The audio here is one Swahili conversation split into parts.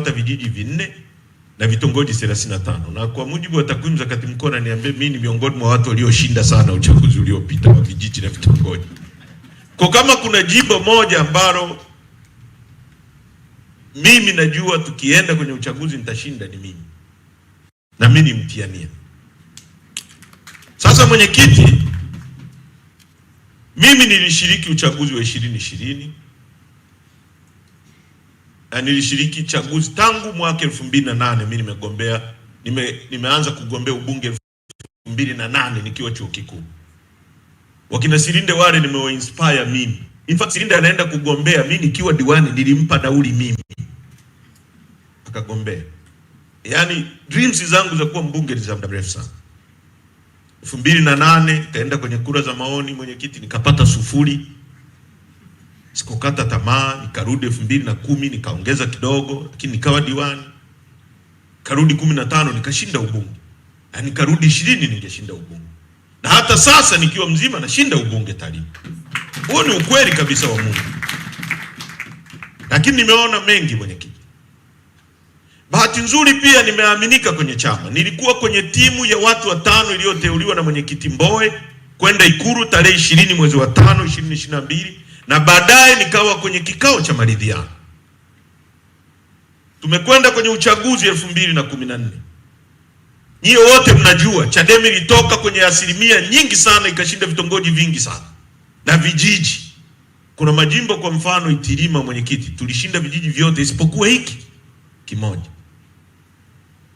hata vijiji vinne na vitongoji 35 na kwa mujibu wa takwimu za katibu mkoa, niambie mimi ni miongoni mwa watu walioshinda sana uchaguzi uliopita wa vijiji na vitongoji. Kwa kama kuna jimbo moja ambalo mimi najua tukienda kwenye uchaguzi nitashinda ni mimi, na mimi ni mtiania. Sasa mwenyekiti, mimi nilishiriki uchaguzi wa 2020 20 na nilishiriki chaguzi tangu mwaka elfu mbili na nane mi nimegombea nime, nimeanza kugombea ubunge elfu mbili na nane nikiwa chuo kikuu. Wakina Silinde wale nimewainspire mimi. In fact Silinde anaenda kugombea, mi nikiwa diwani nilimpa nauli mimi akagombea. Yaani dreams zangu za kuwa mbunge ni za muda mrefu sana. elfu mbili na nane nikaenda kwenye kura za maoni, mwenyekiti nikapata sufuri sikukata tamaa, nikarudi elfu mbili na kumi nikaongeza kidogo, lakini nikawa diwani, karudi kumi na tano nikashinda ubunge, na nikarudi ishirini ningeshinda ubunge, na hata sasa nikiwa mzima nashinda ubunge Tarime. Huo ni ukweli kabisa wa Mungu, lakini nimeona mengi mwenyekiti. Bahati nzuri pia nimeaminika kwenye chama. Nilikuwa kwenye timu ya watu watano iliyoteuliwa na mwenyekiti Mbowe kwenda Ikuru tarehe ishirini mwezi wa tano ishirini ishirini na mbili na baadaye nikawa kwenye kikao cha maridhiano. Tumekwenda kwenye uchaguzi elfu mbili na kumi na nne. Nyie wote mnajua Chadema ilitoka kwenye asilimia nyingi sana ikashinda vitongoji vingi sana na vijiji. Kuna majimbo kwa mfano Itilima, mwenyekiti, tulishinda vijiji vyote isipokuwa hiki kimoja,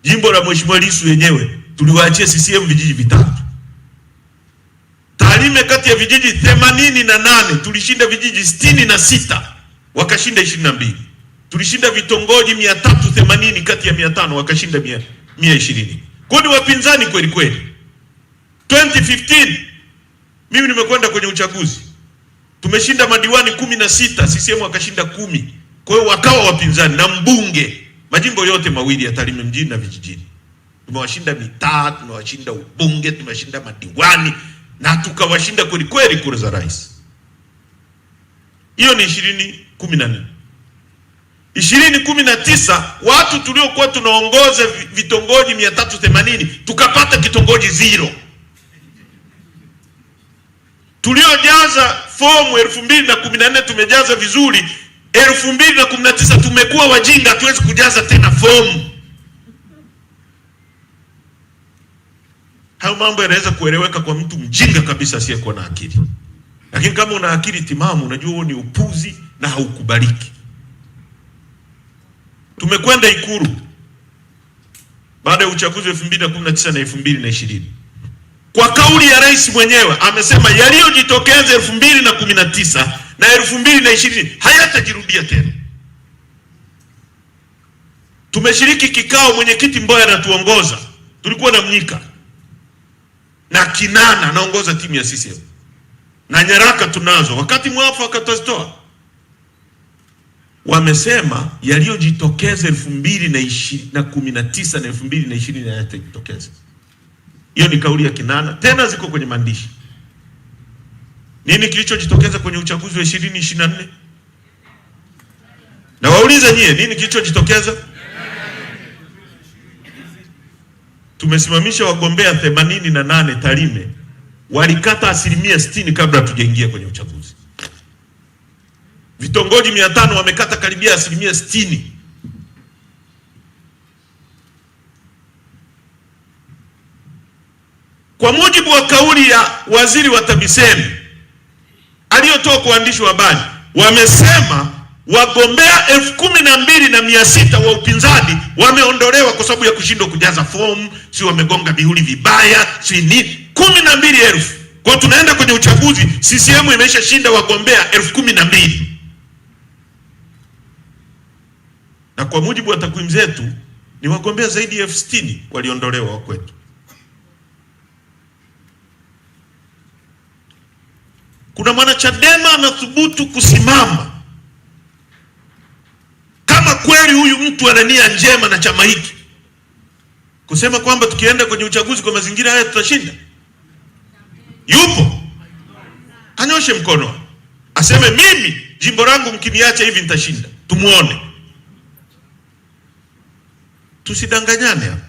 jimbo la Mheshimiwa Lissu wenyewe tuliwaachia CCM vijiji vitatu. Tarime kati ya vijiji themanini na nane tulishinda vijiji sitini na sita wakashinda ishirini na mbili tulishinda vitongoji mia tatu themanini kati ya mia tano wakashinda mia ishirini Kwa ni wapinzani kweli kweli. 2015 mimi nimekwenda kwenye uchaguzi tumeshinda madiwani kumi na sita CCM wakashinda kumi kwa hiyo wakawa wapinzani na mbunge majimbo yote mawili ya Tarime mjini na vijijini, tumewashinda mitaa, tumewashinda ubunge, tumewashinda madiwani na tukawashinda kweli kweli kura za rais. Hiyo ni ishirini kumi na nne. Ishirini kumi na tisa watu tuliokuwa tunaongoza vitongoji mia tatu themanini tukapata kitongoji zero. Tuliojaza fomu elfu mbili na kumi na nne tumejaza vizuri, elfu mbili na kumi na tisa tumekuwa wajinga, hatuwezi kujaza tena fomu Hayo mambo yanaweza kueleweka kwa mtu mjinga kabisa asiyekuwa na akili, lakini kama una akili timamu unajua huo ni upuzi na haukubaliki. Tumekwenda Ikulu baada ya uchaguzi elfu mbili na kumi na tisa na elfu mbili na ishirini kwa kauli ya rais mwenyewe amesema yaliyojitokeza elfu mbili na kumi na tisa na elfu mbili na ishirini hayatajirudia tena. Tumeshiriki kikao, mwenyekiti Mboya anatuongoza, tulikuwa na Mnyika na Kinana anaongoza timu ya CCM na nyaraka tunazo, wakati mwafaka tutazitoa. Wamesema yaliyojitokeza elfu mbili na kumi na tisa na elfu mbili na ishirini Hiyo ni kauli ya Kinana, tena ziko kwenye maandishi. Nini kilichojitokeza kwenye uchaguzi wa ishirini ishirini na nne? Na waulize nyie, nini kilichojitokeza tumesimamisha wagombea 88 Tarime walikata asilimia 60 kabla tujaingia kwenye uchaguzi. Vitongoji 500 wamekata karibia asilimia 60 Kwa mujibu wa kauli ya waziri wa TAMISEMI aliyotoa kwa waandishi wa habari, wamesema wagombea elfu kumi na mbili na mia sita wa upinzani wameondolewa kwa sababu ya kushindwa kujaza fomu, si wamegonga mihuri vibaya, si ni kumi na mbili elfu kwa tunaenda kwenye uchaguzi, CCM imeisha shinda wagombea elfu kumi na mbili na kwa mujibu wa takwimu zetu ni wagombea zaidi ya elfu sitini waliondolewa wa kwetu. Kuna mwanachadema anathubutu kusimama kweli huyu mtu ana nia njema na chama hiki, kusema kwamba tukienda kwenye uchaguzi kwa mazingira haya tutashinda? Yupo? anyoshe mkono aseme, mimi jimbo langu mkiniacha hivi nitashinda. Tumuone, tusidanganyane hapa.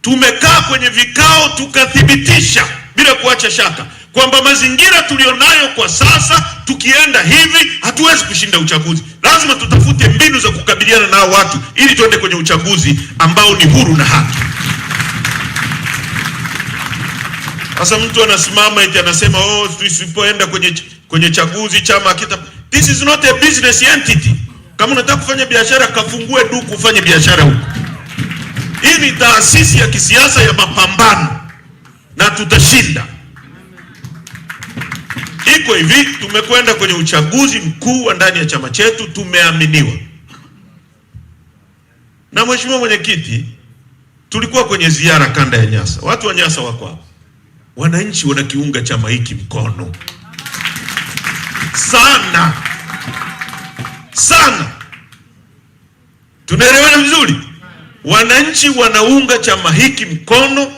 Tumekaa kwenye vikao tukathibitisha bila kuacha shaka kwamba mazingira tulionayo kwa sasa, tukienda hivi hatuwezi kushinda uchaguzi. Lazima tutafute mbinu za kukabiliana nao watu, ili tuende kwenye uchaguzi ambao ni huru na haki. Sasa mtu anasimama eti anasema oh, tusipoenda kwenye kwenye chaguzi chama kita. This is not a business entity. Kama unataka kufanya biashara, kafungue duka ufanye biashara huko. Hii ni taasisi ya kisiasa ya mapambano, na tutashinda iko hivi, tumekwenda kwenye uchaguzi mkuu wa ndani ya chama chetu, tumeaminiwa na mheshimiwa mwenyekiti. Tulikuwa kwenye ziara kanda ya Nyasa, watu wa Nyasa wako hapa, wananchi wanakiunga chama hiki mkono sana sana. Tunaelewana vizuri? Wananchi wanaunga chama hiki mkono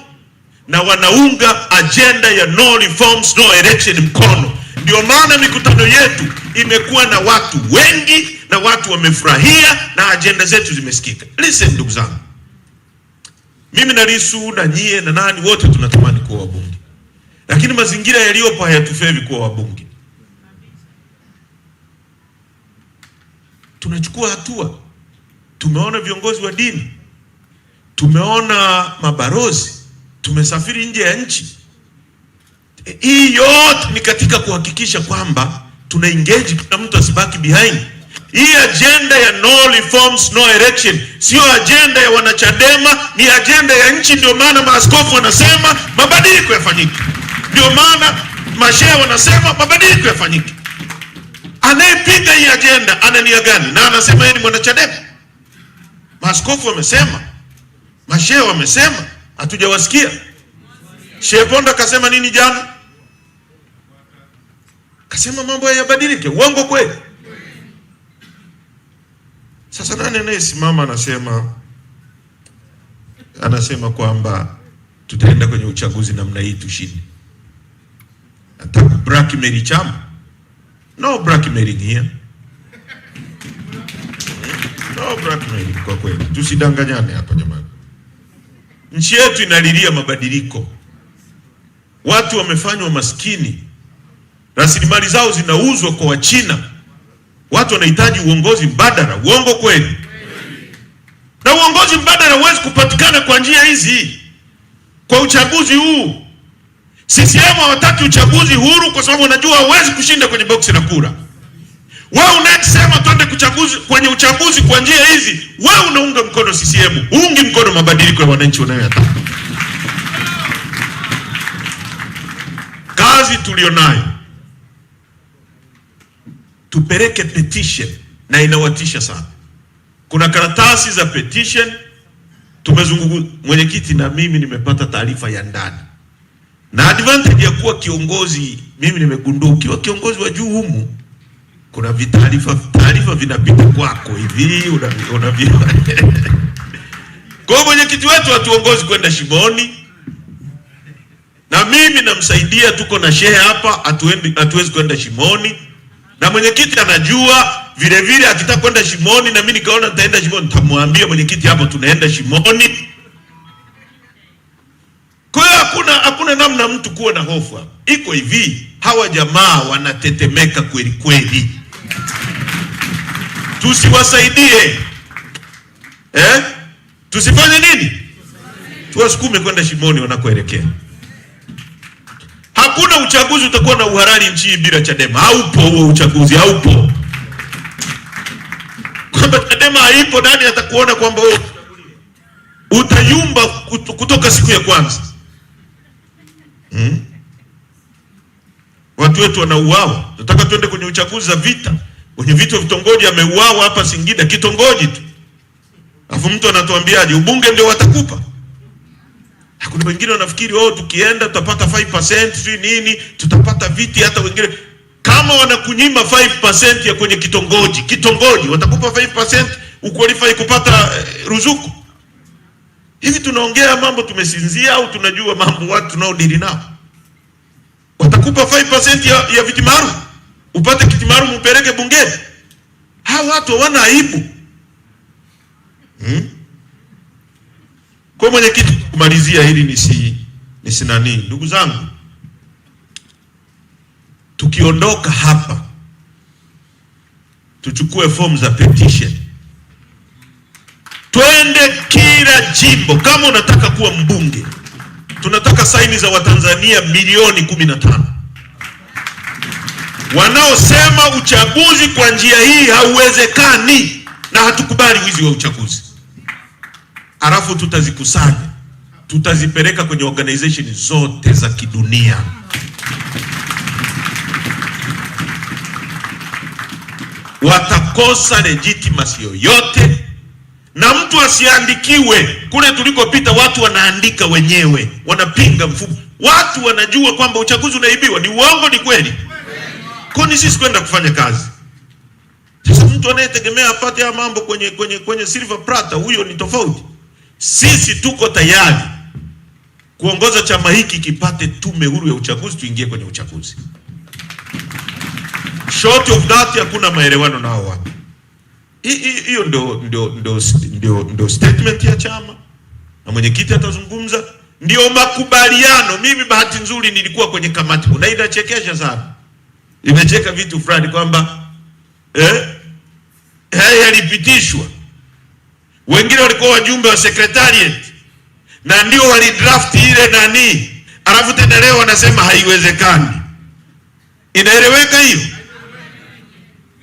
na wanaunga ajenda ya no reforms no election mkono. Ndio maana mikutano yetu imekuwa na watu wengi na watu wamefurahia na ajenda zetu zimesikika. Listen ndugu zangu, mimi na Lissu na nyie na nani wote tunatamani kuwa wabunge, lakini mazingira yaliyopo hayatufevi kuwa wabunge. Tunachukua hatua. Tumeona viongozi wa dini, tumeona mabalozi, tumesafiri nje ya nchi hii yote ni katika kuhakikisha kwamba tuna engage, kila mtu asibaki behind. Hii ajenda ya no reforms no election siyo ajenda ya wanachadema, ni ajenda ya nchi. Ndio maana maaskofu wanasema mabadiliko yafanyike, ndio maana mashehe wanasema mabadiliko yafanyike. Anayepinga hii ajenda ana nia gani? Na anasema yeye ni mwanachadema. Maaskofu wamesema, mashehe wamesema, hatujawasikia. Shehe Ponda akasema nini jana? Kasema mambo yabadilike. Uongo kweli? Sasa nani anayesimama anasema anasema kwamba tutaenda kwenye uchaguzi namna hii tushinde? Nataka blackmail chama? No blackmailing here. No blackmailing kwa kweli. Tusidanganyane hapa jamani. Nchi yetu inalilia mabadiliko. Watu wamefanywa maskini rasilimali zao zinauzwa kwa Wachina. Watu wanahitaji uongozi mbadala. Uongo kweli? Na uongozi mbadala huwezi kupatikana kwa njia hizi, kwa uchaguzi huu. CCM hawataki uchaguzi huru, kwa sababu wanajua hawezi kushinda kwenye boksi la kura. Wewe unayesema twende kuchaguzi kwenye uchaguzi kwa njia hizi, wewe unaunga mkono CCM, uungi mkono mabadiliko ya wananchi wanayoyataka. Kazi tulionayo tupeleke petition, na inawatisha sana. Kuna karatasi za petition tumezunguka, mwenyekiti na mimi nimepata taarifa ya ndani, na advantage ya kuwa kiongozi, mimi nimegundua ukiwa kiongozi wa juu humu kuna vitaarifa taarifa vinapita kwako hivi vipi? kwa mwenyekiti wetu hatuongozi kwenda shimoni, na mimi namsaidia, tuko na shehe hapa, hatuwezi kwenda shimoni na mwenyekiti anajua vile vile, akitaka kwenda Shimoni na mimi nikaona nitaenda Shimoni, nitamwambia mwenyekiti hapo tunaenda Shimoni. Kwa hiyo hakuna hakuna namna mtu kuwa na hofu hapa. Iko hivi, hawa jamaa wanatetemeka kweli kweli, tusiwasaidie eh? Tusifanye nini? Tuwasukume kwenda Shimoni wanakoelekea. Hakuna uchaguzi utakuwa na uhalali nchini bila Chadema. Haupo huo uchaguzi, haupo. Kwamba Chadema haipo, nani atakuona kwamba wewe utayumba kutoka siku ya kwanza? Hmm? Watu wetu wanauawa. Nataka tuende kwenye uchaguzi za vita. Kwenye vita vitongoji ameuawa hapa Singida kitongoji tu. Alafu mtu anatuambiaje ubunge ndio watakupa? Kuna wengine wanafikiri oh, tukienda tutapata 5% si nini, tutapata viti. Hata wengine kama wanakunyima 5% ya kwenye kitongoji, kitongoji watakupa 5%, ukwalifai kupata eh, ruzuku. Hivi tunaongea mambo tumesinzia, au tunajua mambo watu tunaodili nao? Watakupa 5% ya, ya viti maalum, upate kiti maalum upeleke bungeni. Hawa watu hawana aibu hmm? Kwa mwenyekiti kumalizia hili nisi nisi nani, ndugu zangu, tukiondoka hapa tuchukue fomu za petition, twende kila jimbo. Kama unataka kuwa mbunge, tunataka saini za Watanzania milioni kumi na tano wanaosema uchaguzi kwa njia hii hauwezekani na hatukubali wizi wa uchaguzi, alafu tutazikusanya tutazipeleka kwenye organization zote za kidunia. Watakosa legitimacy yoyote, na mtu asiandikiwe. Kule tulikopita watu wanaandika wenyewe, wanapinga mfumo. Watu wanajua kwamba uchaguzi unaibiwa. Ni uongo? Ni kweli? Kwani sisi kwenda kufanya kazi sasa mtu anayetegemea apate haya mambo kwenye, kwenye, kwenye silver platter, huyo ni tofauti. Sisi tuko tayari kuongoza chama hiki kipate tume huru ya uchaguzi, tuingie kwenye uchaguzi. Short of that hakuna maelewano nao wapi. Hiyo ndio ndio ndio ndio statement ya chama, na mwenyekiti atazungumza, ndio makubaliano. Mimi bahati nzuri nilikuwa kwenye kamati na inachekesha sana, imecheka vitu fulani kwamba eh, eh, yalipitishwa, wengine walikuwa wajumbe wa secretariat na ndio walidraft ile nani, alafu tena leo wanasema haiwezekani. Inaeleweka hiyo?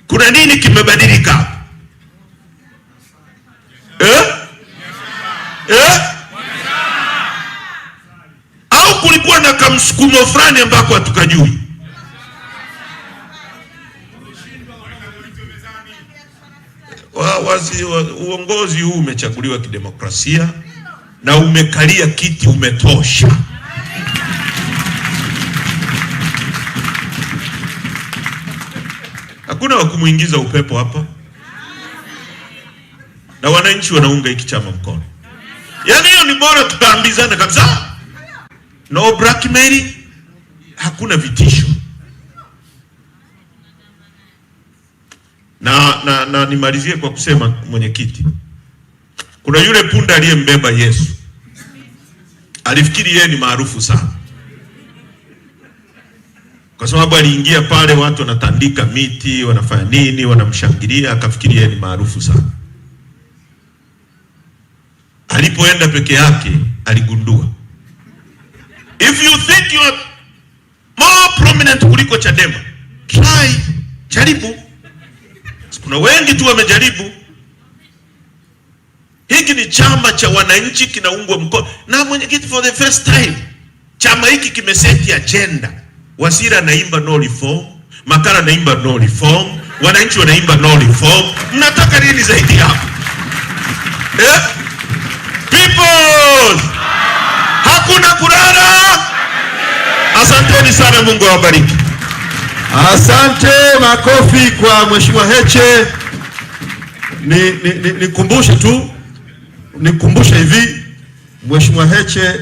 Kuna nini kimebadilika eh? Eh? Au kulikuwa na kamsukumo fulani ambako hatukajui? Uongozi huu umechaguliwa kidemokrasia na umekalia kiti umetosha. Hakuna wa kumwingiza upepo hapa, na wananchi wanaunga hiki chama mkono. Yaani hiyo ni bora tutaambizana kabisa, no blackmail, hakuna vitisho na, na, na nimalizie kwa kusema mwenyekiti kuna yule punda aliyembeba Yesu, alifikiri yeye ni maarufu sana, kwa sababu aliingia pale, watu wanatandika miti, wanafanya nini, wanamshangilia, akafikiri yeye ni maarufu sana. Alipoenda peke yake, aligundua if you think you are more prominent kuliko Chadema, try jaribu. Kuna wengi tu wamejaribu hiki ni chama cha wananchi kinaungwa mkono na mwenyekiti for the first time. Chama hiki kimeseti agenda. Wasira anaimba no reform, makara anaimba no reform, wananchi wanaimba no reform. Mnataka nini zaidi hapo? Eh? People! Hakuna kurara. Asanteni sana, Mungu awabariki. Asante, makofi kwa Mheshimiwa Heche. Ni nikumbushe ni, ni tu nikumbushe hivi, Mheshimiwa Heche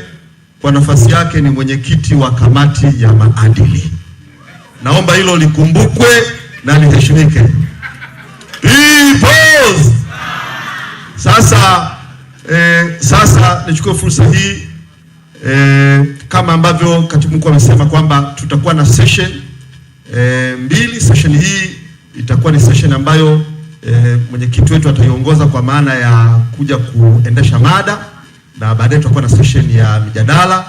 kwa nafasi yake ni mwenyekiti wa kamati ya maadili. Naomba hilo likumbukwe na liheshimike. Sasa eh, sasa nichukue fursa hii eh, kama ambavyo katibu mkuu amesema kwamba tutakuwa na session eh, mbili. Session hii itakuwa ni session ambayo e, mwenyekiti wetu ataiongoza kwa maana ya kuja kuendesha mada na baadaye tutakuwa na session ya mjadala,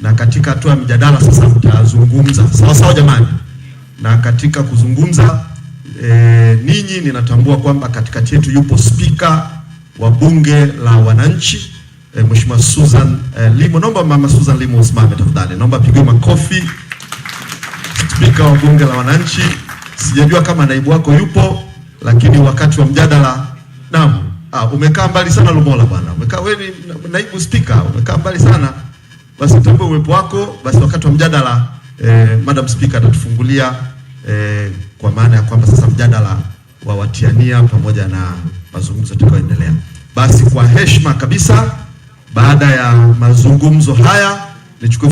na katika hatua ya mjadala sasa mtazungumza sawa sawa, jamani. Na katika kuzungumza e, ninyi ninatambua kwamba katikati yetu yupo spika wa bunge la wananchi e, Mheshimiwa Susan e, Limo. Naomba mama Susan Limo usimame tafadhali, naomba pigwe makofi. Spika wa bunge la wananchi, sijajua kama naibu wako yupo lakini wakati wa mjadala naam. Ah, umekaa mbali sana Lumola bwana, umekaa wewe ni naibu spika, umekaa mbali sana basi, tutambue uwepo wako. Basi wakati wa mjadala eh, madam spika atatufungulia eh, kwa maana ya kwamba sasa mjadala wa watiania pamoja na mazungumzo yatakayoendelea. Basi kwa heshima kabisa, baada ya mazungumzo haya nichukue